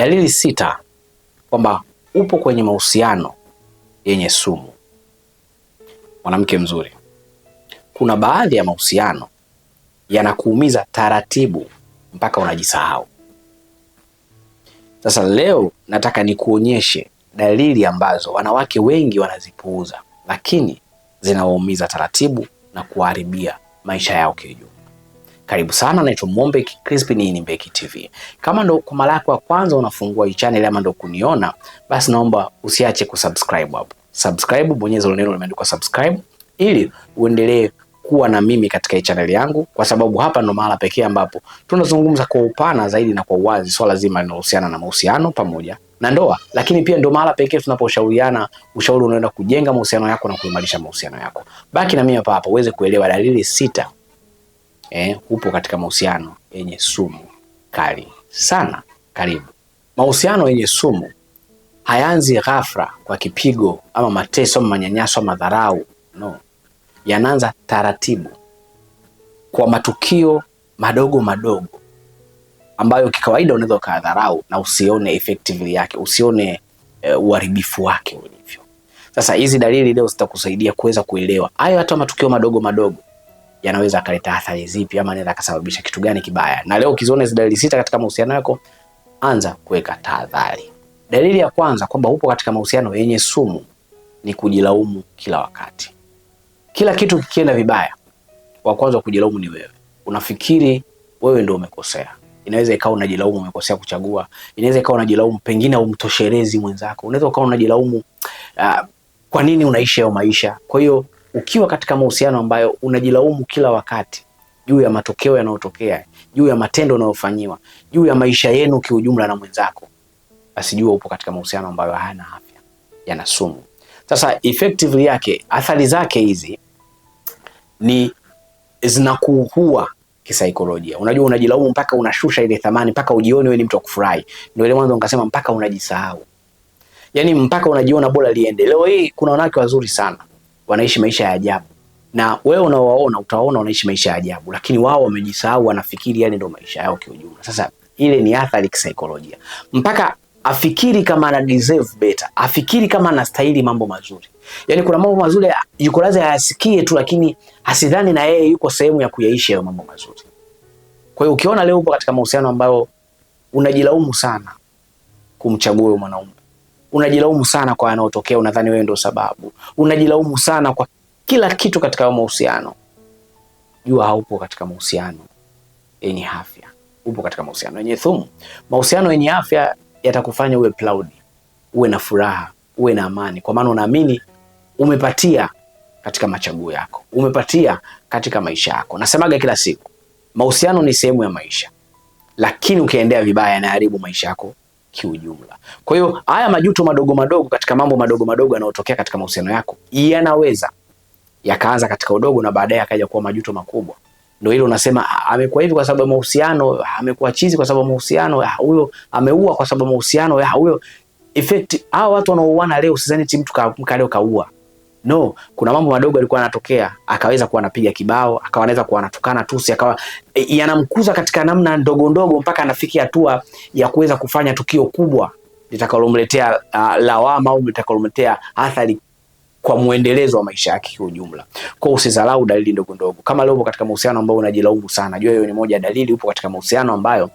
Dalili sita kwamba upo kwenye mahusiano yenye sumu. Mwanamke mzuri, kuna baadhi ya mahusiano yanakuumiza taratibu mpaka unajisahau. Sasa leo nataka nikuonyeshe dalili ambazo wanawake wengi wanazipuuza, lakini zinawaumiza taratibu na kuharibia maisha yao kiujumla. Karibu sana, naitwa Mombe Crispin, hii ni Mbeki TV. Kama ndo kwa mara yako ya kwanza unafungua hii channel ama ndo kuniona, basi naomba usiache kusubscribe hapo. Subscribe, bonyeza ile neno limeandikwa subscribe ili uendelee kuwa na mimi katika hii channel yangu, kwa sababu hapa ndo mahala pekee ambapo tunazungumza kwa upana zaidi na kwa uwazi swala so zima linalohusiana na mahusiano pamoja na ndoa, lakini pia ndo mahala pekee tunaposhauriana ushauri unaenda kujenga mahusiano yako na kuimarisha mahusiano yako. Baki na mimi hapa hapa uweze kuelewa dalili sita eh, upo katika mahusiano yenye sumu kali sana. Karibu. Mahusiano yenye sumu hayaanzi ghafla kwa kipigo ama mateso ama manyanyaso ama madharau, no. Yanaanza taratibu kwa matukio madogo madogo ambayo kikawaida unaweza ukadharau na usione effectively yake, usione uh, uharibifu wake ulivyo. Sasa hizi dalili leo zitakusaidia kuweza kuelewa hayo hata matukio madogo madogo yanaweza akaleta athari zipi, ama anaweza akasababisha kitu gani kibaya. Na leo ukiziona hizo dalili sita katika mahusiano yako, anza kuweka tahadhari. Dalili ya kwanza kwamba upo katika mahusiano yenye sumu ni kujilaumu kila wakati. Kila kitu kikienda vibaya, wa kwanza kujilaumu ni wewe. Unafikiri wewe ndio umekosea. Inaweza ikawa unajilaumu umekosea kuchagua, inaweza ikawa unajilaumu pengine umtoshelezi mwenzako, unaweza ukawa unajilaumu uh, kwa nini unaishi hayo maisha. Kwa hiyo ukiwa katika mahusiano ambayo unajilaumu kila wakati juu ya matokeo yanayotokea, juu ya matendo unayofanyiwa, juu ya maisha yenu kiujumla na mwenzako, basi jua upo katika mahusiano ambayo hayana afya, yana sumu. Sasa effectively yake, athari zake hizi ni zinakuua kisaikolojia. Unajua, unajilaumu mpaka unashusha ile thamani, mpaka ujione wewe ni mtu wa kufurahi. Ndio ile mwanzo nikasema mpaka unajisahau, yani mpaka unajiona bora liende. Leo hii kuna wanawake wazuri sana wanaishi maisha ya ajabu, na wewe unawaona, utaona wanaishi maisha ya ajabu, lakini wao wamejisahau, wanafikiri yani ndio maisha yao kiujumla. Sasa ile ni athari kisaikolojia, mpaka afikiri kama ana deserve better, afikiri kama anastahili mambo mazuri. Yani kuna mambo mazuri yuko lazima ayasikie tu, lakini asidhani na yeye yuko sehemu ya kuyaishi hayo mambo mazuri. Kwa hiyo ukiona leo upo katika mahusiano ambayo unajilaumu sana kumchagua huyo mwanaume unajilaumu sana kwa yanayotokea, unadhani wewe ndio sababu. Unajilaumu sana kwa kila kitu katika mahusiano. Jua haupo katika mahusiano yenye afya, upo katika mahusiano yenye thumu. Mahusiano yenye afya yatakufanya uwe proud, uwe na furaha, uwe na amani, kwa maana unaamini umepatia katika machaguo yako, umepatia katika maisha yako. Nasemaga kila siku, mahusiano ni sehemu ya maisha, lakini ukiendea vibaya yanaharibu maisha yako kiujumla. Kwa hiyo haya majuto madogo madogo katika mambo madogo madogo yanayotokea katika mahusiano yako yanaweza yakaanza katika udogo na baadaye akaja kuwa majuto makubwa. Ndio hilo unasema ah, amekuwa hivi kwa sababu mahusiano, amekuwa chizi kwa sababu mahusiano, ah, huyo ameua kwa sababu mahusiano, ah, huyo effect. Hao watu wanaouana leo, sidhani timu tukamka leo kaua No, kuna mambo madogo alikuwa anatokea, akaweza kuwa anapiga kibao, akawa anaweza kuwa anatukana tusi, akawa e, e, yanamkuza katika namna ndogo ndogo mpaka anafikia hatua ya kuweza kufanya tukio kubwa litakalomletea uh, lawama au litakalomletea athari kwa muendelezo wa maisha yake kwa ujumla. Kwa usizalau dalili ndogo ndogo. Kama leo upo katika mahusiano ambayo unajilaumu sana, jua hiyo ni moja ya dalili, upo katika mahusiano ambayo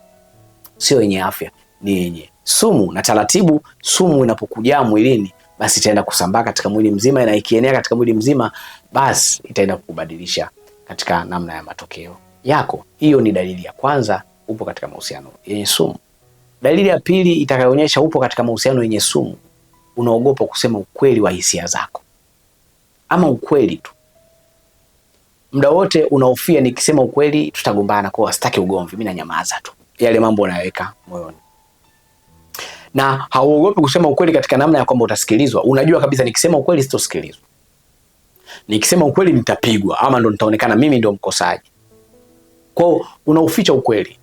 sio yenye afya, ni yenye sumu. Na taratibu sumu inapokuja mwilini basi itaenda kusambaa katika mwili mzima, na ikienea katika mwili mzima, basi itaenda kukubadilisha katika namna ya matokeo yako. Hiyo ni dalili ya kwanza, upo katika mahusiano yenye sumu. Dalili ya pili itakayoonyesha upo katika mahusiano yenye sumu, unaogopa kusema ukweli wa hisia zako, ama ukweli tu muda wote unaofia nikisema ukweli tutagombana, kwa sitaki ugomvi, mimi nanyamaza tu, yale mambo unayoweka moyoni na hauogopi kusema ukweli katika namna ya kwamba utasikilizwa. Unajua kabisa nikisema ukweli sitosikilizwa, nikisema ukweli nitapigwa, ama ndo nitaonekana mimi ndo mkosaji. Kwao unauficha ukweli,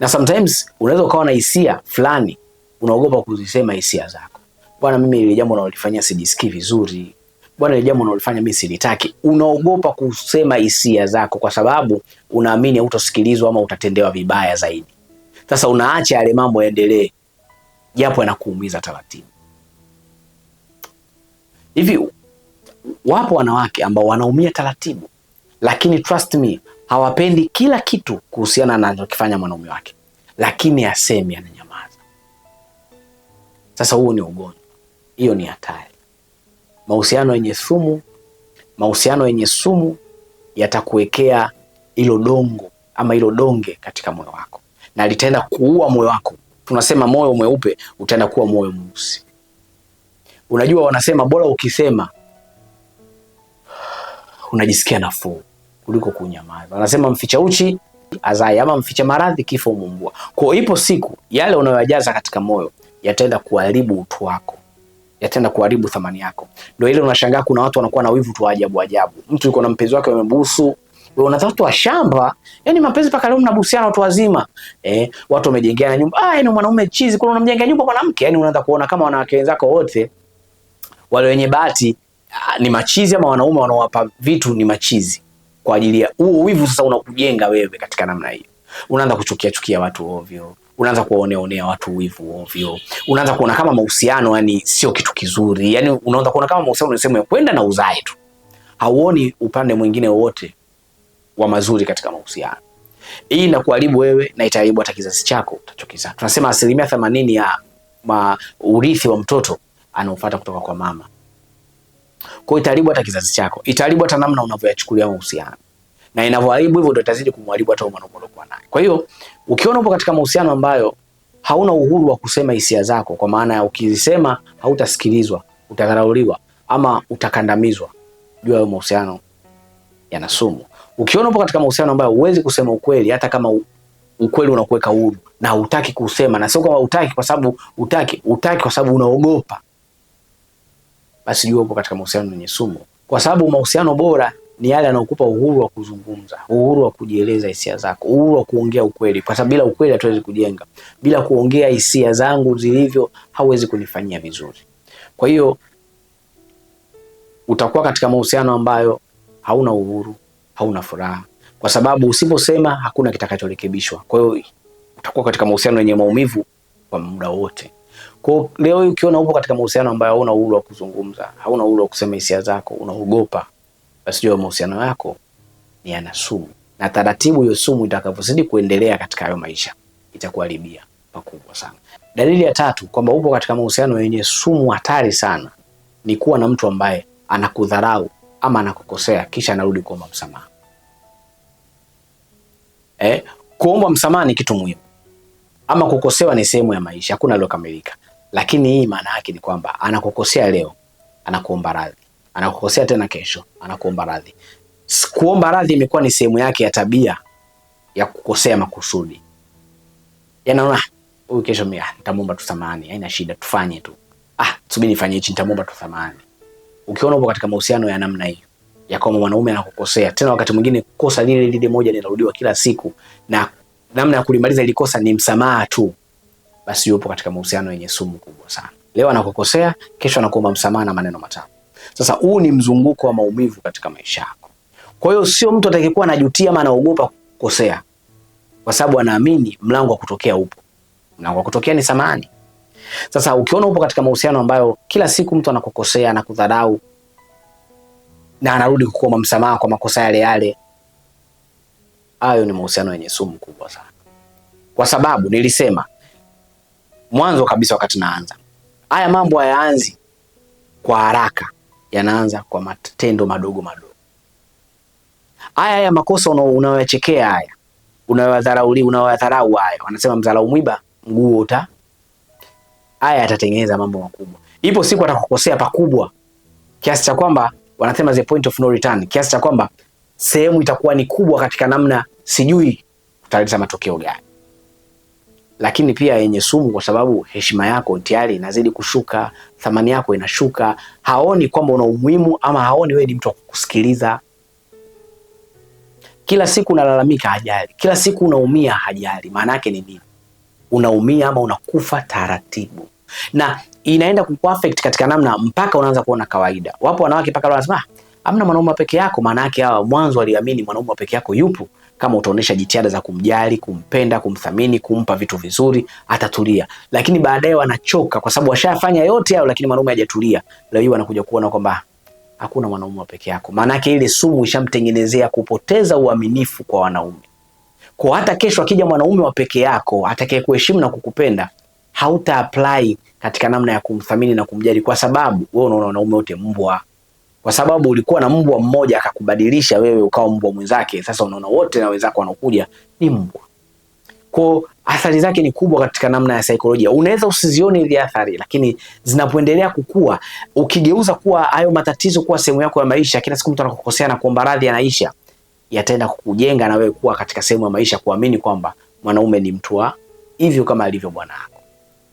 na sometimes unaweza ukawa na hisia fulani, unaogopa kuzisema hisia zako. Bwana, mimi ile jambo nalolifanyia sijisikii vizuri bwana ile jambo unalofanya mimi silitaki. Unaogopa kusema hisia zako kwa sababu unaamini hautosikilizwa ama utatendewa vibaya zaidi. Sasa unaacha yale mambo yaendelee, japo yanakuumiza taratibu. Hivi wapo wanawake ambao wanaumia taratibu, lakini trust me, hawapendi kila kitu kuhusiana na anachokifanya mwanaume wake, lakini asemi, ananyamaza. Sasa huo ni ugonjwa, hiyo ni hatari. Mahusiano yenye sumu, mahusiano yenye sumu yatakuwekea hilo dongo ama hilo donge katika moyo wako, na litaenda kuua moyo wako tunasema moyo mweupe utaenda kuwa moyo mweusi. Unajua, wanasema bora ukisema unajisikia nafuu kuliko kunyamaza. Wanasema mficha uchi azai ama mficha maradhi kifo humuumbua. Kwa ipo siku yale unayoyajaza katika moyo yataenda kuharibu utu wako, yataenda kuharibu thamani yako. Ndio ile unashangaa, kuna watu wanakuwa na wivu tu ajabu ajabu. Mtu yuko na mpenzi wake, wamebusu wewe unataka watu wa shamba, yani mapenzi paka leo mnabusiana watu wazima eh, watu wamejengeana nyumba. Ah, yani mwanaume chizi kuna unamjengea nyumba mwanamke, yani unaanza kuona kama wanawake wenzako wote wale wenye bahati ah, ni machizi ama wanaume wanaowapa vitu ni machizi kwa ajili ya huo wivu. Sasa unakujenga wewe katika namna hiyo, unaanza kuchukia chukia watu ovyo, unaanza kuwaonea onea watu wivu ovyo, unaanza kuona kama mahusiano yani sio kitu kizuri, yani unaanza kuona kama mahusiano ni sehemu ya kwenda na uzae tu, hauoni upande mwingine wowote wa mazuri katika mahusiano. Hii inakuharibu wewe na itaharibu hata kizazi chako utachokiza. Tunasema asilimia themanini ya ma urithi wa mtoto anaofuata kutoka kwa mama. Kwa hiyo itaharibu hata kizazi chako, itaharibu hata namna unavyoyachukulia mahusiano, na inavyoharibu hivyo ndio itazidi kumharibu hata mwanaume uliokuwa naye. Kwa hiyo ukiona upo katika mahusiano ambayo hauna uhuru wa kusema hisia zako, kwa maana ya ukizisema hautasikilizwa, utadharauliwa ama utakandamizwa, jua hayo mahusiano yana sumu. Ukiona upo katika mahusiano ambayo huwezi kusema ukweli, hata kama ukweli unakuweka huru na hutaki kusema, na sio kwamba hutaki kwa sababu hutaki, hutaki kwa sababu unaogopa, basi jua upo katika mahusiano yenye sumu, kwa sababu mahusiano bora ni yale yanayokupa uhuru wa kuzungumza, uhuru wa kujieleza hisia zako, uhuru wa kuongea ukweli, kwa sababu bila ukweli hatuwezi kujenga. Bila kuongea hisia zangu zilivyo, hauwezi kunifanyia vizuri. Kwa hiyo utakuwa katika mahusiano ambayo hauna uhuru, hauna furaha, kwa sababu usiposema hakuna kitakachorekebishwa. Kwa hiyo utakuwa katika mahusiano yenye maumivu kwa muda wote. Kwa leo ukiona upo katika mahusiano ambayo hauna uhuru wa kuzungumza, hauna uhuru wa kusema hisia zako, unaogopa, basi jua mahusiano yako ni yana sumu, na taratibu hiyo sumu itakavyozidi kuendelea katika hayo maisha itakuharibia pakubwa sana. Dalili ya tatu kwamba upo katika mahusiano yenye sumu hatari sana ni kuwa na mtu ambaye anakudharau ama anakukosea kisha anarudi kuomba msamaha. Eh, kuomba msamaha ni kitu muhimu, ama kukosewa ni sehemu ya maisha, hakuna aliyokamilika. Lakini hii maana yake ni kwamba anakukosea leo, anakuomba radhi, anakukosea tena kesho, anakuomba radhi. Kuomba radhi imekuwa ni sehemu yake ya tabia ya kukosea makusudi. Yanaona yaani huyu kesho mimi ah, nitamwomba tu samahani, haina shida, tufanye tu. Ah, subiri nifanye hichi, nitamwomba tu samahani ukiona upo katika mahusiano ya namna hiyo ya kwamba mwanaume anakukosea tena, wakati mwingine kosa lile lile moja linarudiwa kila siku, na namna ya kulimaliza ile kosa ni msamaha tu, basi yupo katika mahusiano yenye sumu kubwa sana. Leo anakukosea, kesho anakuomba msamaha na maneno matamu. Sasa huu ni mzunguko wa maumivu katika maisha yako. Kwa hiyo sio mtu atakayekuwa anajutia ama anaogopa kukosea, kwa sababu anaamini mlango wa kutokea upo. Mlango wa kutokea ni samani. Sasa ukiona upo katika mahusiano ambayo kila siku mtu anakukosea, anakudharau na anarudi kukuomba msamaha kwa makosa yale yale, hayo ni mahusiano yenye sumu kubwa sana, kwa sababu nilisema mwanzo kabisa, wakati naanza haya mambo hayaanzi kwa haraka, yanaanza kwa matendo madogo madogo. Haya haya makosa unayoyachekea haya, unayoyadharau, unayoyadharau hayo, wanasema mdharau mwiba mguu uta haya atatengeneza mambo makubwa. Ipo siku atakukosea pakubwa kiasi cha kwamba wanasema the point of no return, kiasi cha kwamba sehemu itakuwa ni kubwa katika namna sijui utaleta matokeo gani, lakini pia yenye sumu, kwa sababu heshima yako tayari inazidi kushuka, thamani yako inashuka, haoni kwamba una umuhimu ama haoni wewe ni mtu wa kukusikiliza. Kila siku unalalamika, hajali. Kila siku unaumia, hajali. Maana yake ni nini? Unaumia ama unakufa taratibu na inaenda kukuaffect katika namna mpaka unaanza kuona kawaida. Wapo wanawake mpaka leo wanasema ah, amna mwanaume wa peke yako. Maana yake hawa mwanzo waliamini mwanaume wa peke yako yupo, kama utaonesha jitihada za kumjali, kumpenda, kumthamini, kumpa vitu vizuri, atatulia. Lakini baadaye wanachoka kwa sababu washafanya yote hayo, lakini mwanaume hajatulia. Leo hii wanakuja kuona kwamba hakuna mwanaume wa peke yako. Maana yake ile sumu ishamtengenezea kupoteza uaminifu kwa wanaume, kwa hata kesho akija mwanaume wa peke yako atakayekuheshimu na kukupenda hauta apply katika namna ya kumthamini na kumjali, kwa sababu wewe unaona wanaume wote mbwa, kwa sababu ulikuwa na mbwa mmoja akakubadilisha wewe ukawa mbwa mwenzake. Sasa unaona wote na wenzako wanaokuja ni mbwa. Kwa athari zake ni kubwa katika namna ya saikolojia. Unaweza usizione hizi athari, lakini zinapoendelea kukua, ukigeuza kuwa hayo matatizo kuwa sehemu yako ya maisha, kila siku mtu anakukosea na kuomba radhi, anaisha, yataenda kukujenga na wewe kuwa katika sehemu ya maisha, kuamini kwamba mwanaume ni mtu wa hivyo kama alivyo bwana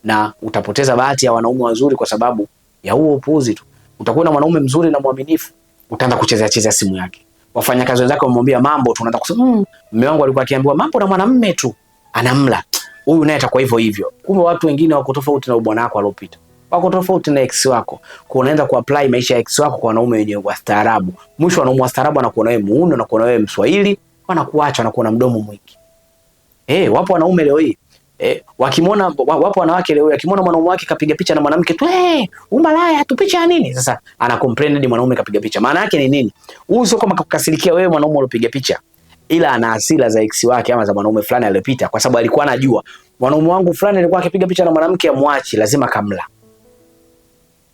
na utapoteza bahati ya wanaume wazuri kwa sababu ya huo upuuzi tu. Utakuwa na mwanaume mzuri na mwaminifu, utaanza kuchezea chezea simu yake, wafanyakazi wenzake wamwambia mambo tu, unaanza kusema mmm, mume wangu alikuwa akiambiwa mambo na mwanamume tu anamla huyu, naye atakuwa hivyo hivyo. Kumbe watu wengine wako tofauti na bwana wako alopita, wako tofauti na ex wako, kwa unaanza kuapply maisha ya ex wako kwa wanaume wenye wastaarabu. Mwisho wanaume wastaarabu anakuona wewe muundo, anakuona wewe Mswahili, wanakuacha, wanakuwa na mdomo mwingi. Eh, hey, wapo wanaume leo hii Eh, wakimwona wapo wanawake leo wakimwona mwanaume wake kapiga picha na mwanamke tu, eh, umalaya tu picha ya nini? Sasa ana complain hadi mwanaume kapiga picha. Maana yake ni nini? Huyu sio kama kukasirikia wewe mwanaume uliopiga picha, ila ana hasira za ex wake ama za mwanaume fulani aliyopita, kwa sababu alikuwa anajua mwanaume wangu fulani alikuwa akipiga picha na mwanamke amwachi, lazima kamla.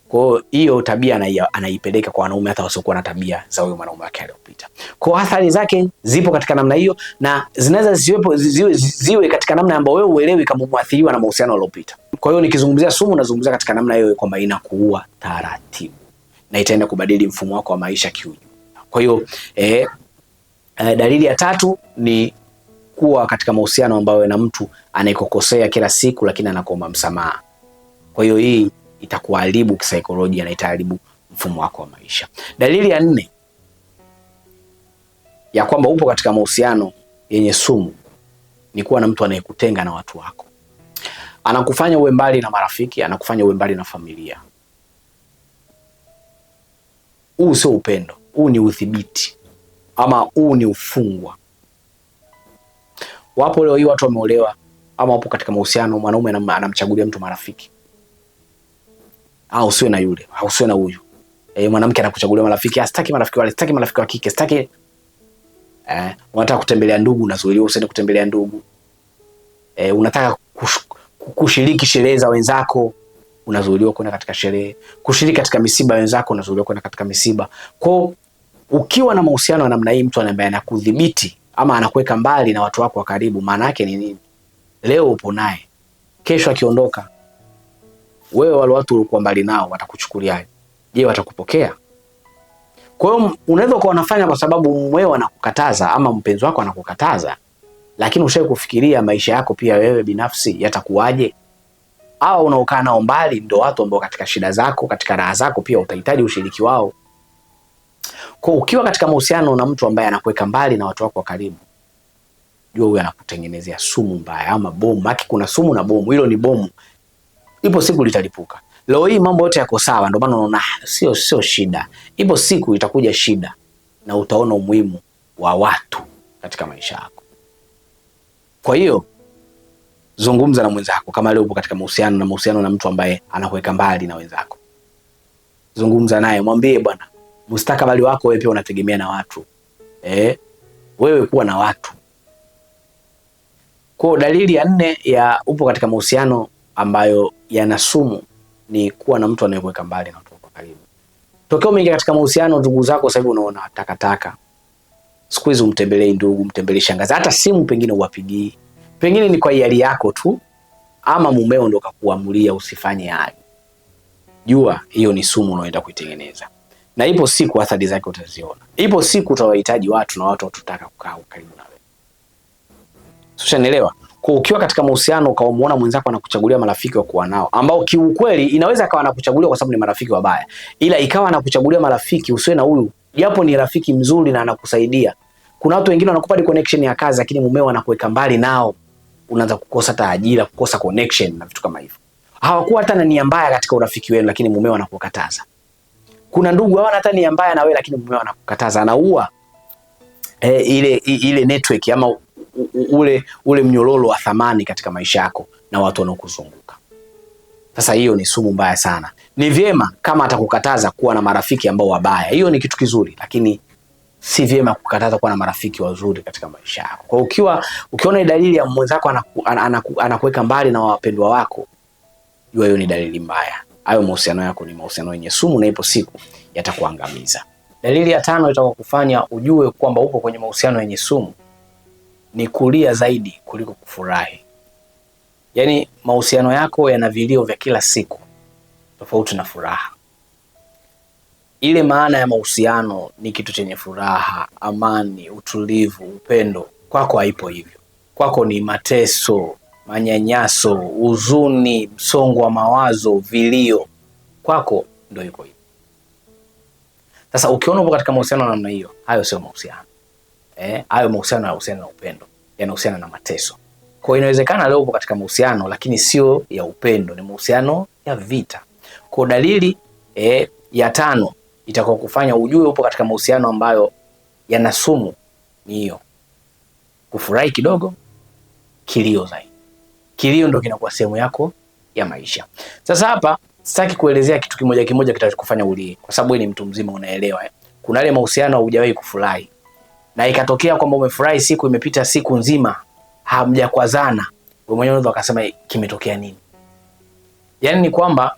Kwa hiyo tabia anaipeleka kwa wanaume hata wasiokuwa na tabia za huyo mwanaume wake aliyopita. Kwa athari zake zipo katika namna hiyo na zinaweza ziwepo ziwe, ziwe katika namna ambayo wewe uelewi kama umeathiriwa na mahusiano aliyopita. Kwa hiyo nikizungumzia sumu nazungumzia katika namna hiyo kwamba inakuua taratibu na itaenda kubadili mfumo wako wa maisha kiujumla. Kwa hiyo eh, eh, dalili ya tatu ni kuwa katika mahusiano ambayo na mtu anaikokosea kila siku lakini anakuomba msamaha. Kwa hiyo hii itakuharibu kisaikolojia na itaharibu mfumo wako wa maisha. Dalili ya nne ya kwamba upo katika mahusiano yenye sumu ni kuwa na mtu anayekutenga na watu wako, anakufanya uwe mbali na marafiki, anakufanya uwe mbali na familia. Huu sio upendo, huu ni udhibiti ama huu ni ufungwa. Wapo leo hii watu wameolewa ama wapo katika mahusiano, mwanaume anamchagulia mtu marafiki, au usiwe na yule au usiwe na huyu. eh, mwanamke anakuchagulia marafiki, astaki ah, marafiki wale, astaki marafiki wa kike, astaki eh, unataka kutembelea ndugu, unazuiliwa usiende kutembelea ndugu. eh, unataka kushiriki sherehe za wenzako, unazuiliwa kwenda katika sherehe. Kushiriki katika misiba wenzako, unazuiliwa kwenda katika misiba. Kwa ukiwa na mahusiano na namna hii, mtu ambaye anakudhibiti ama anakuweka mbali na watu wako wa karibu, maana yake ni nini? Leo upo naye, kesho akiondoka wewe wale watu ulikuwa mbali nao watakuchukuliaje? Je, watakupokea? Kwa hiyo unaweza kuwa unafanya kwa sababu wewe anakukataza ama mpenzi wako anakukataza, lakini ushawahi kufikiria maisha yako pia wewe binafsi yatakuwaje? Au unaokaa nao mbali ndio watu ambao katika shida zako, katika raha zako pia utahitaji ushiriki wao. Kwa ukiwa katika mahusiano na mtu ambaye anakuweka mbali na watu wako wa karibu, jua huyo anakutengenezea sumu mbaya ama bomu. Haki kuna sumu na bomu, hilo ni bomu ipo siku litalipuka. Leo hii mambo yote yako sawa, ndio maana unaona sio sio shida. Ipo siku itakuja shida na utaona umuhimu wa watu katika maisha yako. Kwa hiyo zungumza na mwenzako, kama leo upo katika mahusiano na mahusiano na mtu ambaye anakuweka mbali na wenzako, zungumza naye, mwambie bwana, mustakabali wako wewe pia unategemea na watu eh, wewe kuwa na watu. Kwa dalili ya nne ya upo katika mahusiano ambayo yana sumu ni kuwa na mtu anayekuweka mbali na mtu karibu. Tokeo mengi katika mahusiano, ndugu zako sasa hivi unaona takataka. Siku hizi umtembelee ndugu, mtembelee shangazi, hata simu pengine uwapigii, pengine ni kwa hiari yako tu, ama mumeo ndo kakuamulia usifanye hayo. Jua hiyo ni sumu unaoenda kuitengeneza, na ipo siku athari zake utaziona. Ipo siku utawahitaji watu na watu watutaka kukaa karibu na nawe, ushanielewa? Kwa ukiwa katika mahusiano ukamuona mwenzako anakuchagulia marafiki wa kuwa nao ambao kiukweli inaweza akawa anakuchagulia kwa sababu ni marafiki wabaya, ila ikawa anakuchagulia marafiki usiwe na huyu, japo ni rafiki mzuri na anakusaidia. Kuna watu wengine wanakupa connection ya kazi, lakini mumeo anakuweka mbali nao, unaanza kukosa hata ajira, kukosa connection na vitu kama hivyo. Hawakuwa hata na nia mbaya katika urafiki wenu, lakini mumeo anakukataza. Kuna ndugu hawana hata nia mbaya na wewe, lakini mumeo anakukataza, anaua eh, ile ile network ama ule ule mnyororo wa thamani katika maisha yako na watu wanaokuzunguka. Sasa hiyo ni sumu mbaya sana. Ni vyema kama atakukataza kuwa na marafiki ambao wabaya, hiyo ni kitu kizuri, lakini si vyema kukataza kuwa na marafiki wazuri katika maisha yako. Kwa ukiwa ukiona dalili ya mwenzako anaku, anaku, anakuweka mbali na wapendwa wako, jua hiyo ni dalili mbaya. Hayo mahusiano yako ni mahusiano yenye sumu, na ipo siku yatakuangamiza. Dalili ya tano itakufanya ujue kwamba upo kwenye mahusiano yenye sumu ni kulia zaidi kuliko kufurahi. Yaani mahusiano yako yana vilio vya kila siku tofauti na furaha. Ile maana ya mahusiano ni kitu chenye furaha, amani, utulivu, upendo, kwako haipo hivyo. Kwako ni mateso, manyanyaso, huzuni, msongo wa mawazo, vilio. Kwako ndio iko hivyo. Sasa ukiona upo katika mahusiano ya namna hiyo, hayo sio mahusiano. Eh, hayo eh, mahusiano yanahusiana na upendo, yanahusiana na mateso. Kwa hiyo inawezekana leo upo katika mahusiano lakini sio ya upendo, ni mahusiano ya vita. Kwa dalili eh, ya tano itakuwa kufanya ujue upo katika mahusiano ambayo yana sumu ni hiyo. Kufurahi kidogo, kilio zaidi. Kilio ndo kinakuwa sehemu yako ya maisha. Sasa hapa sitaki kuelezea kitu kimoja kimoja kitakufanya ulie, kwa sababu ni mtu mzima unaelewa eh. Kuna ile mahusiano hujawahi kufurahi na ikatokea kwamba umefurahi siku, imepita siku nzima hamjakwazana, wewe mwenyewe unaweza ukasema eh, kimetokea nini? Yaani ni kwamba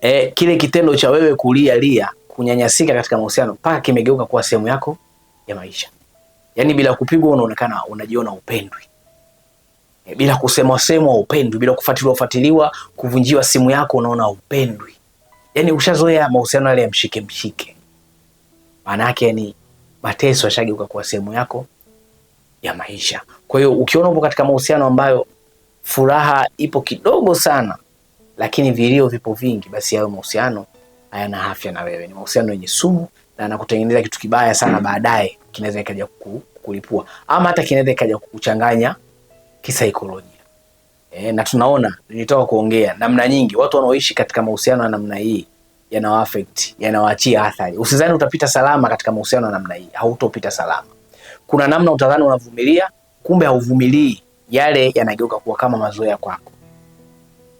eh, kile kitendo cha wewe kulia lia, kunyanyasika katika mahusiano mpaka kimegeuka kuwa sehemu yako ya maisha. Yaani bila kupigwa unaonekana unajiona upendwi eh, bila kusemwa semwa upendwi, bila kufuatiliwa fuatiliwa, kuvunjiwa simu yako unaona upendwi. Yani ushazoea mahusiano yale ya mshike mshike, maana yake yani mateso yashageuka kuwa sehemu yako ya maisha. Kwa hiyo ukiona upo katika mahusiano ambayo furaha ipo kidogo sana, lakini vilio vipo vingi, basi hayo mahusiano hayana afya na wewe. Ni mahusiano yenye sumu na nakutengeneza kitu kibaya sana, baadaye kinaweza ikaja kukulipua ama hata kinaweza ikaja kukuchanganya kisaikolojia. E, na tunaona nilitoka kuongea namna nyingi watu wanaoishi katika mahusiano ya namna hii yanawaaffect, yanawaachia athari. Usizani utapita salama katika mahusiano ya namna hii, hautopita salama. Kuna namna utadhani unavumilia, kumbe hauvumilii, yale yanageuka kuwa kama mazoea kwako.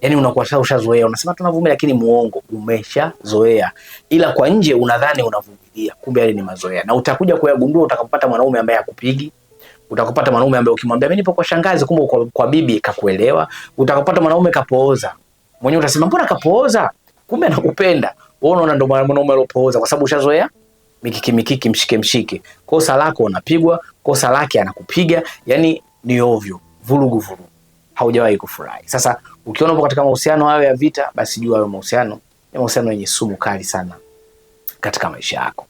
Yani unakuwa sasa ushazoea, unasema tunavumilia, lakini muongo, umeshazoea. Ila kwa nje unadhani unavumilia, kumbe yale ni mazoea, na utakuja kuyagundua utakapopata mwanaume ambaye akupigi utakapata mwanaume ambaye ukimwambia mimi nipo kwa shangazi, kumbe kwa, kwa bibi kakuelewa. Utakapata mwanaume kapooza, mwenyewe utasema mbona kapooza? kumbe nakupenda. Wewe unaona ndo mwanaume alopooza, kwa sababu ushazoea mikiki mikiki, mshike mshike. Kosa lako unapigwa, kosa lake anakupiga, yani ni ovyo, vurugu vurugu, haujawahi kufurahi. Sasa ukiona upo katika mahusiano hayo ya vita, basi jua hayo mahusiano ni mahusiano yenye sumu kali sana katika maisha yako.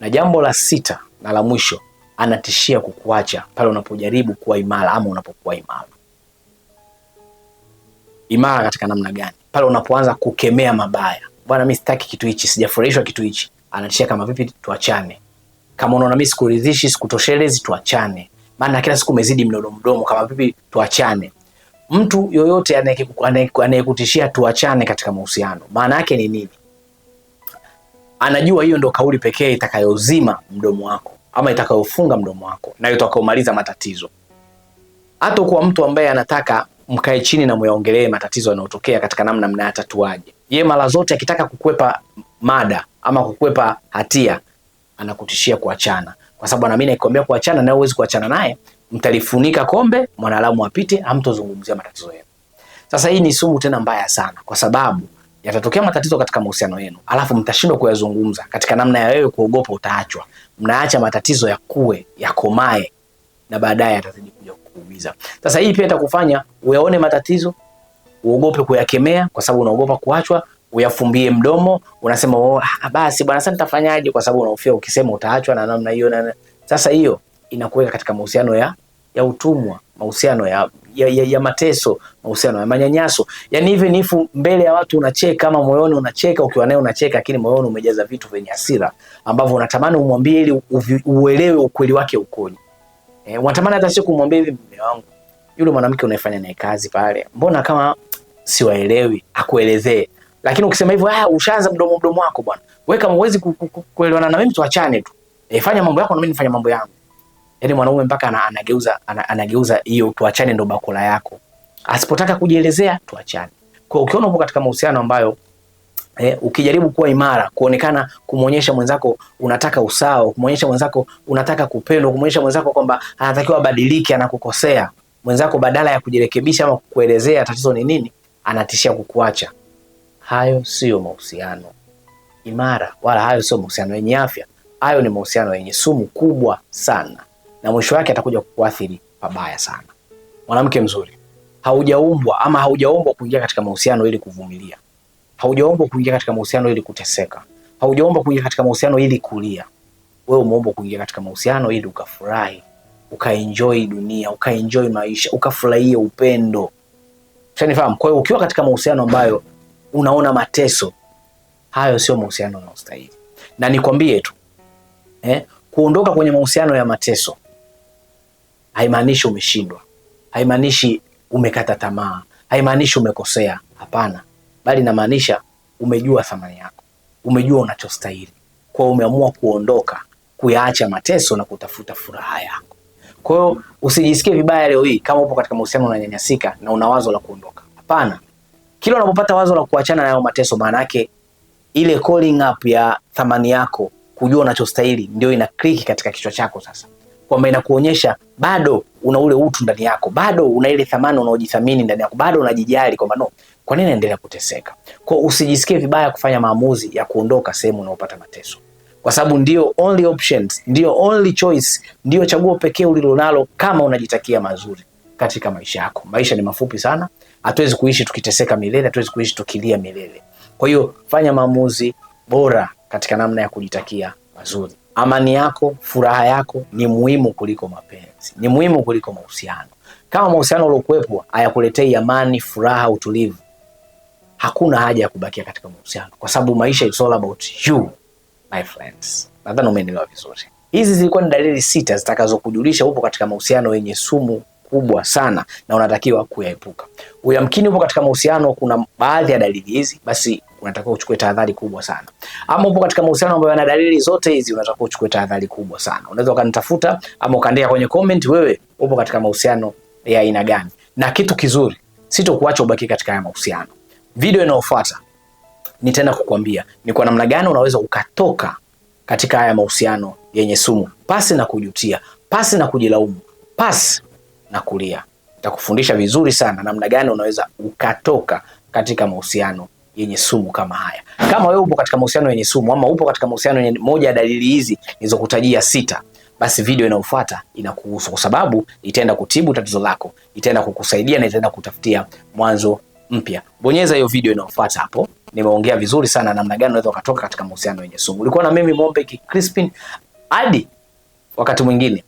Na jambo la sita na la mwisho, anatishia kukuacha pale unapojaribu kuwa imara ama unapokuwa imara. Imara katika namna gani? pale unapoanza kukemea mabaya. Bwana, mimi sitaki kitu hichi, sijafurahishwa kitu hichi. Anatishia kama vipi, tuachane. Kama unaona mimi sikuridhishi, sikutoshelezi, tuachane. Maana kila siku umezidi mdomo mdomo, kama vipi, tuachane. Mtu yoyote anayekutishia tuachane katika mahusiano, maana yake ni nini? Anajua hiyo ndo kauli pekee itakayozima mdomo wako ama itakayofunga mdomo wako na itakayomaliza matatizo. Hata kwa mtu ambaye anataka mkae chini na muyaongelee matatizo yanayotokea katika namna mnayatatuaje. Yeye mara zote akitaka kukwepa mada ama kukwepa hatia anakutishia kuachana, kwa sababu anaamini akikwambia kuachana nawe huwezi kuachana naye, mtalifunika kombe, mwanadamu apite, hamtozungumzia matatizo yenu. Sasa hii ni sumu tena mbaya sana, kwa sababu yatatokea matatizo katika mahusiano yenu, alafu mtashindwa kuyazungumza katika namna ya wewe kuogopa utaachwa. Mnaacha matatizo yakue, yakomae na baadaye yatazidi kuja kuumiza. Sasa hii pia itakufanya uyaone matatizo, uogope kuyakemea kwa sababu unaogopa kuachwa, uyafumbie mdomo, unasema oh, ah, basi bwana sasa nitafanyaje, kwa sababu unahofia ukisema utaachwa na namna hiyo na, na. Sasa hiyo inakuweka katika mahusiano ya ya utumwa, mahusiano ya, ya, ya, ya mateso, mahusiano ya manyanyaso. Yaani hivi ni mbele ya watu unacheka kama moyoni unacheka, ukiwa naye unacheka, lakini moyoni umejaza vitu vyenye hasira ambavyo unatamani umwambie ili uelewe ukweli wake ukoje. E, watamani hata sio kumwambia hivi, mume wangu yule mwanamke unayefanya naye kazi pale, mbona kama siwaelewi, akuelezee. Lakini ukisema hivyo, ah, ushaanza mdomo mdomo wako bwana, weka mwezi kuelewana na mimi, tuachane tu. E, fanya mambo yako na mimi nifanye mambo yangu. Yaani mwanaume mpaka ana, anageuza ana, anageuza hiyo tuachane ndo bakula yako. Asipotaka kujielezea tuachane. Kwa ukiona uko katika mahusiano ambayo Eh, ukijaribu kuwa imara, kuonekana, kumwonyesha mwenzako unataka usawa, kumwonyesha mwenzako unataka kupendwa, kumwonyesha mwenzako kwamba anatakiwa abadilike, anakukosea mwenzako, badala ya kujirekebisha ama kukuelezea tatizo ni nini, anatishia kukuacha. Hayo siyo mahusiano imara, wala hayo sio mahusiano yenye afya. Hayo ni mahusiano yenye sumu kubwa sana, na mwisho wake atakuja kukuathiri pabaya sana. Mwanamke mzuri, haujaumbwa ama haujaumbwa kuingia katika mahusiano ili kuvumilia haujaomba kuingia katika mahusiano ili kuteseka, haujaomba kuingia katika mahusiano ili kulia. Wewe umeomba kuingia katika mahusiano ili ukafurahi, ukaenjoy dunia, ukaenjoy maisha, ukafurahia upendo. Ushanifahamu? Kwa hiyo ukiwa katika mahusiano ambayo unaona mateso, hayo sio mahusiano unaostahili, Na nikwambie tu eh, kuondoka kwenye mahusiano ya mateso haimaanishi umeshindwa, haimaanishi umekata tamaa, haimaanishi umekosea. Hapana, bali namaanisha umejua thamani yako, umejua unachostahili, kwa umeamua kuondoka, kuyaacha mateso na kutafuta furaha yako. Kwa hiyo usijisikie vibaya leo hii kama upo katika mahusiano unanyanyasika na una wazo la kuondoka. Hapana, kila unapopata wazo la kuachana nayo mateso, maana yake ile calling up ya thamani yako, kujua unachostahili, ndio ina click katika kichwa chako sasa, kwamba inakuonyesha bado una ule utu ndani yako, bado una ile thamani unaojithamini ndani yako, bado unajijali kwamba no kwa nini naendelea kuteseka? Kwa usijisikie vibaya kufanya maamuzi ya kuondoka sehemu unaopata mateso, kwa sababu ndio only options, ndio only choice, ndio chaguo pekee ulilonalo kama unajitakia mazuri katika maisha yako. Maisha ni mafupi sana, hatuwezi kuishi tukiteseka milele, hatuwezi kuishi tukilia milele. Kwa hiyo fanya maamuzi bora katika namna ya kujitakia mazuri. Amani yako, furaha yako ni muhimu kuliko mapenzi, ni muhimu kuliko mahusiano. Kama mahusiano uliokuwepo hayakuletei amani, furaha, utulivu hakuna haja ya kubakia katika mahusiano, kwa sababu maisha is all about you my friends. Nadhani umeelewa vizuri. Hizi zilikuwa ni dalili sita zitakazokujulisha upo katika mahusiano yenye sumu kubwa sana na unatakiwa kuyaepuka. Uyamkini upo katika mahusiano, kuna baadhi ya dalili hizi, basi unatakiwa uchukue tahadhari kubwa sana. Ama upo katika mahusiano ambayo yana dalili zote hizi, unatakiwa uchukue tahadhari kubwa sana. Unaweza ukanitafuta ama ukaandika kwenye comment, wewe upo katika mahusiano ya aina gani, na kitu kizuri sitokuacha ubaki katika haya mahusiano video inayofuata nitaenda kukwambia ni kwa namna gani unaweza ukatoka katika haya mahusiano yenye sumu pasi na kujutia, pasi na kujilaumu, pasi na kulia. Nitakufundisha vizuri sana namna gani unaweza ukatoka katika mahusiano yenye sumu kama haya. Kama wewe upo katika mahusiano yenye sumu ama upo katika mahusiano yenye moja ya dalili hizi nilizokutajia sita, basi video inayofuata inakuhusu, kwa sababu itaenda kutibu tatizo lako, itaenda kukusaidia na itaenda kutafutia mwanzo mpya. Bonyeza hiyo video inayofuata hapo. Nimeongea vizuri sana namna gani unaweza ukatoka katika mahusiano yenye sumu. Ulikuwa na mimi mombe Crispin. Hadi wakati mwingine,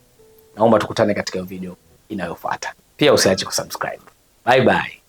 naomba tukutane katika video inayofuata. Pia usiache kusubscribe. Bye bye.